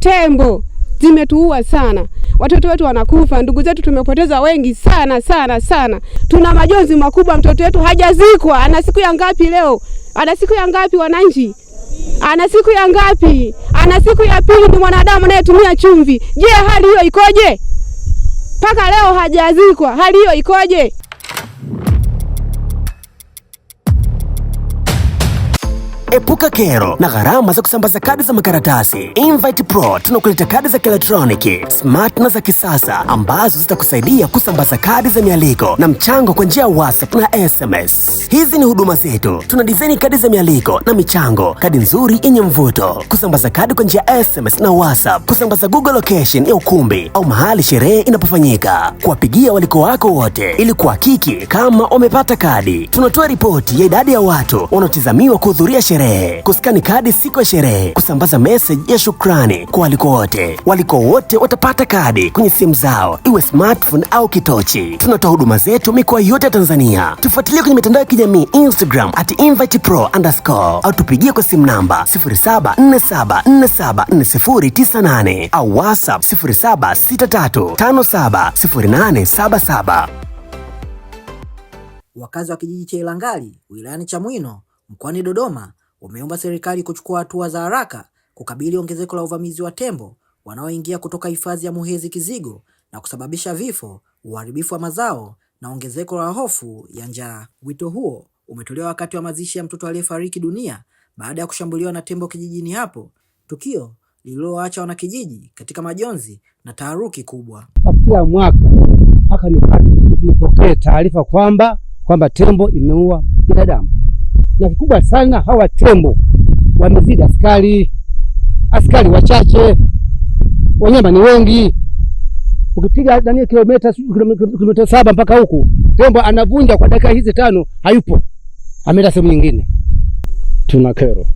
tembo zimetuua sana, watoto wetu wanakufa, ndugu zetu tumepoteza wengi sana sana sana. Tuna majonzi makubwa, mtoto wetu hajazikwa. Ana siku ya ngapi leo? Ana siku ya ngapi wananchi? Ana siku ya ngapi? Ana siku ya pili. Ni mwanadamu anayetumia chumvi. Je, hali hiyo ikoje? Mpaka leo hajazikwa, hali hiyo ikoje? Epuka kero na gharama za kusambaza kadi za makaratasi. Invite Pro tunakuleta kadi za kielektroniki smart na za kisasa ambazo zitakusaidia kusambaza kadi za mialiko na mchango kwa njia ya WhatsApp na SMS. Hizi ni huduma zetu. Tuna design kadi za mialiko na michango, kadi nzuri yenye mvuto, kusambaza kadi kwa njia SMS na WhatsApp, kusambaza Google location ya ukumbi au mahali sherehe inapofanyika, kuwapigia waliko wako wote ili kuhakiki kama wamepata kadi. Tunatoa ripoti ya idadi ya watu wanaotazamiwa kuhudhuria sherehe sherehe, kuskani kadi siku ya sherehe, kusambaza message ya shukrani kwa waliko wote. Waliko wote watapata kadi kwenye simu zao, iwe smartphone au kitochi. Tunatoa huduma zetu mikoa yote ya Tanzania. Tufuatilie kwenye mitandao ya kijamii Instagram at invitepro underscore, au tupigie kwa simu namba 0747474098 au WhatsApp 0763570877. Wakazi wa kijiji cha Ilangali wilayani Chamwino mkoani Dodoma wameomba serikali kuchukua hatua za haraka kukabili ongezeko la uvamizi wa tembo wanaoingia kutoka hifadhi ya Muhezi Kizigo na kusababisha vifo, uharibifu wa mazao na ongezeko la hofu ya njaa. Wito huo umetolewa wakati wa mazishi ya mtoto aliyefariki dunia baada ya kushambuliwa na tembo kijijini hapo, tukio lililoacha wanakijiji katika majonzi na taharuki kubwa. Kila mwaka mpaka nipate nipokee taarifa kwamba kwamba tembo imeua binadamu na kikubwa sana, hawa tembo wamezidi askari, askari wachache, wanyama ni wengi. Ukipiga ndani kilomita kilomita saba mpaka huku, tembo anavunja kwa dakika hizi tano, hayupo ameenda sehemu nyingine. Tuna kero,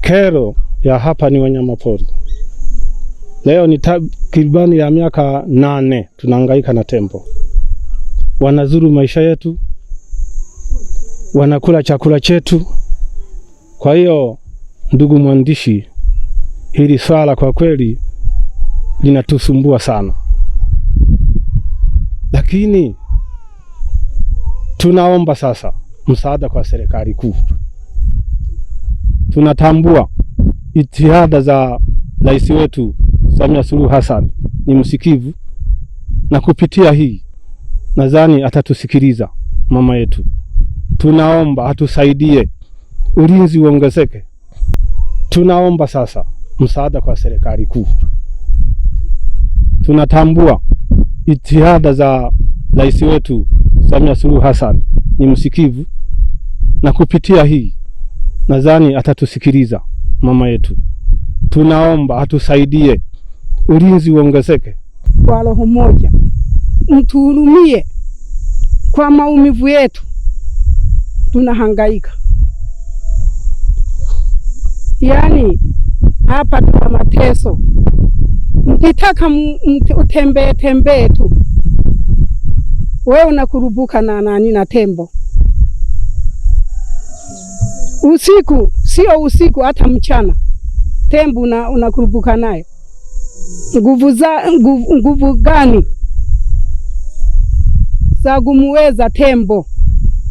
kero ya hapa ni wanyama pori. Leo ni takribani ya miaka nane tunahangaika na tembo, wanazuru maisha yetu wanakula chakula chetu. Kwa hiyo, ndugu mwandishi, hili swala kwa kweli linatusumbua sana, lakini tunaomba sasa msaada kwa serikali kuu. Tunatambua jitihada za rais wetu Samia Suluhu Hassan ni msikivu, na kupitia hii nadhani atatusikiliza mama yetu tunaomba atusaidie, ulinzi uongezeke. Tunaomba sasa msaada kwa serikali kuu. Tunatambua jitihada za rais wetu Samia Suluhu Hassan ni msikivu, na kupitia hii nadhani atatusikiliza mama yetu. Tunaomba atusaidie, ulinzi uongezeke. Kwa roho moja, mtuhurumie kwa maumivu yetu tunahangaika. Yaani hapa tuna mateso, mkitaka utembee tembee tu, wewe unakurubuka na nani na tembo usiku, sio usiku, hata mchana tembo unakurubuka nayo. Nguvu za nguvu gani za kumuweza tembo?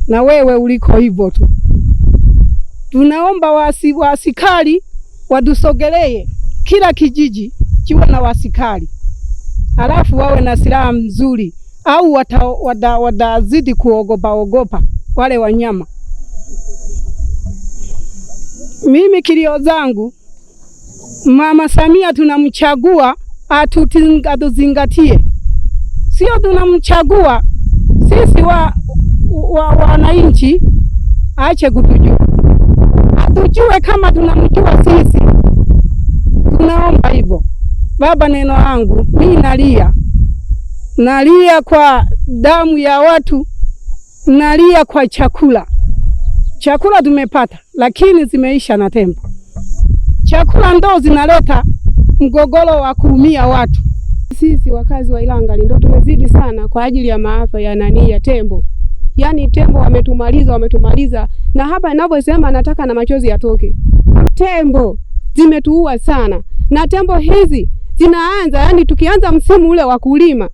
na wewe uliko hivyo tu. Tunaomba wasi, wasikari watusogelee kila kijiji kiwe na wasikari, alafu wawe na silaha mzuri, au watazidi wata, wata kuogopa ogopa wale wanyama. Mimi kilio zangu, Mama Samia tunamchagua atuzingatie, sio tunamchagua sisi wa wa wananchi aache kutujua, atujue kama tunamjua sisi. Tunaomba hivyo baba, neno langu mi nalia, nalia kwa damu ya watu, nalia kwa chakula. Chakula tumepata lakini zimeisha na tembo. Chakula ndo zinaleta mgogoro wa kuumia watu. Sisi wakazi wa Ilangali ndo tumezidi sana kwa ajili ya maafa ya nani ya tembo Yaani tembo wametumaliza, wametumaliza. Na hapa ninavyosema nataka na machozi yatoke. Tembo zimetuua sana, na tembo hizi zinaanza, yani, tukianza msimu ule wa kulima,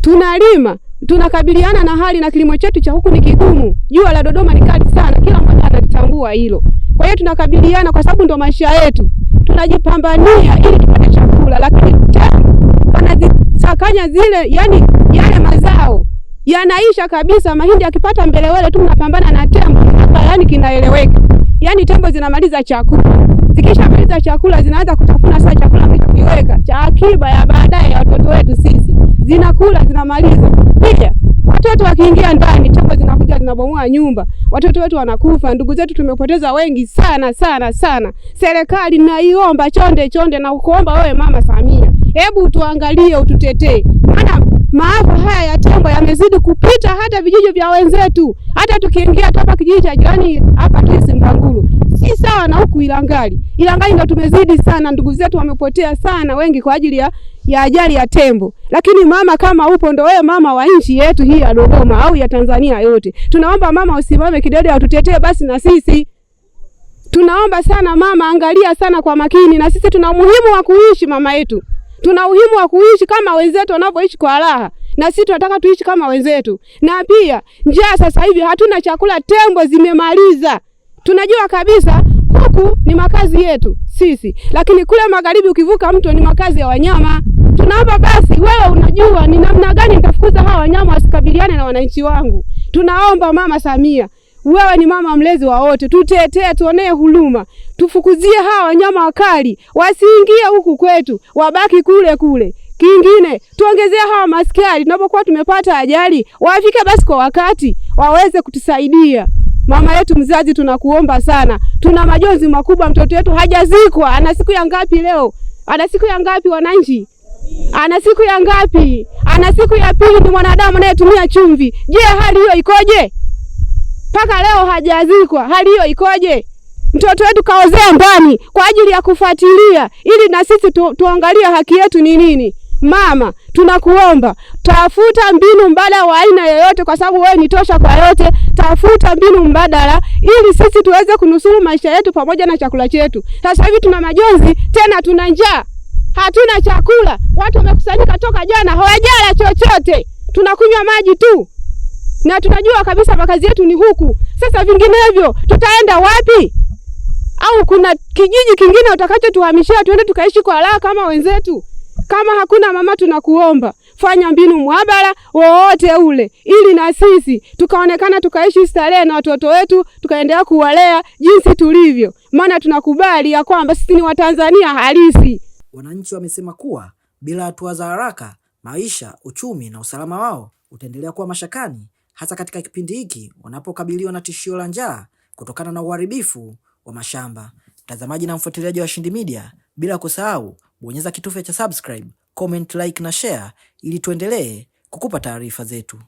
tunalima tunakabiliana na hali na kilimo chetu cha huku ni kigumu. Jua la Dodoma ni kali sana, kila mmoja analitambua hilo. Kwa hiyo tunakabiliana, kwa sababu ndo maisha yetu, tunajipambania ili tupate chakula, lakini tembo wanazisakanya zile, yani yanaisha kabisa. Mahindi yakipata mbelewele tu mnapambana na tembo, yani kinaeleweka. Yani tembo zinamaliza chakula, zikishamaliza chakula zinaanza kutafuna sasa chakula kiweka cha akiba ya baadaye ya watoto wetu sisi, zinakula zinamaliza. Pia watoto wakiingia ndani, tembo zinakuja zinabomoa nyumba, watoto wetu wanakufa, ndugu zetu tumepoteza wengi sana sana sana. Serikali naiomba chonde chonde, na kuomba wewe Mama Samia, hebu tuangalie, ututetee. Maafa haya ya tembo yamezidi kupita hata vijiji vya wenzetu, hata tukiingia hapa kijiji cha jirani hapa Tisi Mbanguru, si sawa na huku Ilangali. Ilangali ndo tumezidi sana, ndugu zetu wamepotea sana wengi kwa ajili ya ya ajali ya tembo. Lakini mama, kama upo, ndo wewe mama wa nchi yetu hii ya Dodoma au ya Tanzania yote, tunaomba mama usimame kidede, atutetee basi na sisi tunaomba sana mama, angalia sana kwa makini, na sisi tuna umuhimu wa kuishi mama yetu. Tuna uhimu wa kuishi kama wenzetu wanavyoishi kwa raha, na sisi tunataka tuishi kama wenzetu. Na pia njaa, sasa hivi hatuna chakula, tembo zimemaliza. Tunajua kabisa huku ni makazi yetu sisi, lakini kule magharibi ukivuka mto ni makazi ya wanyama. Tunaomba basi, wewe unajua ni namna gani nitafukuza hawa wanyama wasikabiliane na wananchi wangu. Tunaomba Mama Samia, wewe ni mama mlezi wa wote, tutetee, tuonee huruma tufukuzie hawa wanyama wakali, wasiingie huku kwetu, wabaki kule kule. Kingine tuongezee hawa maskari, tunapokuwa tumepata ajali wafike basi kwa wakati, waweze kutusaidia. Mama yetu mzazi, tunakuomba sana, tuna majonzi makubwa. Mtoto wetu hajazikwa, ana siku ya ngapi leo? Ana siku ya ngapi wananchi? Ana siku ya ngapi? Ana siku ya pili. Ni mwanadamu anayetumia chumvi. Je, hali hiyo ikoje? Mpaka leo hajazikwa, hali hiyo ikoje? mtoto wetu kaozea ndani kwa ajili ya kufuatilia, ili na sisi tu, tuangalie haki yetu ni nini. Mama, tunakuomba tafuta mbinu mbadala wa aina yoyote, kwa sababu wewe ni tosha kwa yote. Tafuta mbinu mbadala ili sisi tuweze kunusuru maisha yetu pamoja na chakula chetu. Sasa hivi tuna majonzi, tena tuna njaa, hatuna chakula. Watu wamekusanyika toka jana, hawajala chochote, tunakunywa maji tu, na tunajua kabisa makazi yetu ni huku. Sasa vinginevyo tutaenda wapi? au kuna kijiji kingine utakachotuhamishia tuende tukaishi kwa raha kama wenzetu? Kama hakuna mama, tunakuomba fanya mbinu mwabara wowote ule, ili na sisi tukaonekana tukaishi starehe na watoto wetu tukaendelea kuwalea jinsi tulivyo, maana tunakubali ya kwamba sisi ni Watanzania halisi. Wananchi wamesema kuwa bila hatua za haraka, maisha, uchumi na usalama wao utaendelea kuwa mashakani, hasa katika kipindi hiki wanapokabiliwa na tishio la njaa kutokana na uharibifu wa mashamba. Mtazamaji na mfuatiliaji wa Washindi Media, bila kusahau bonyeza kitufe cha subscribe, comment, like na share ili tuendelee kukupa taarifa zetu.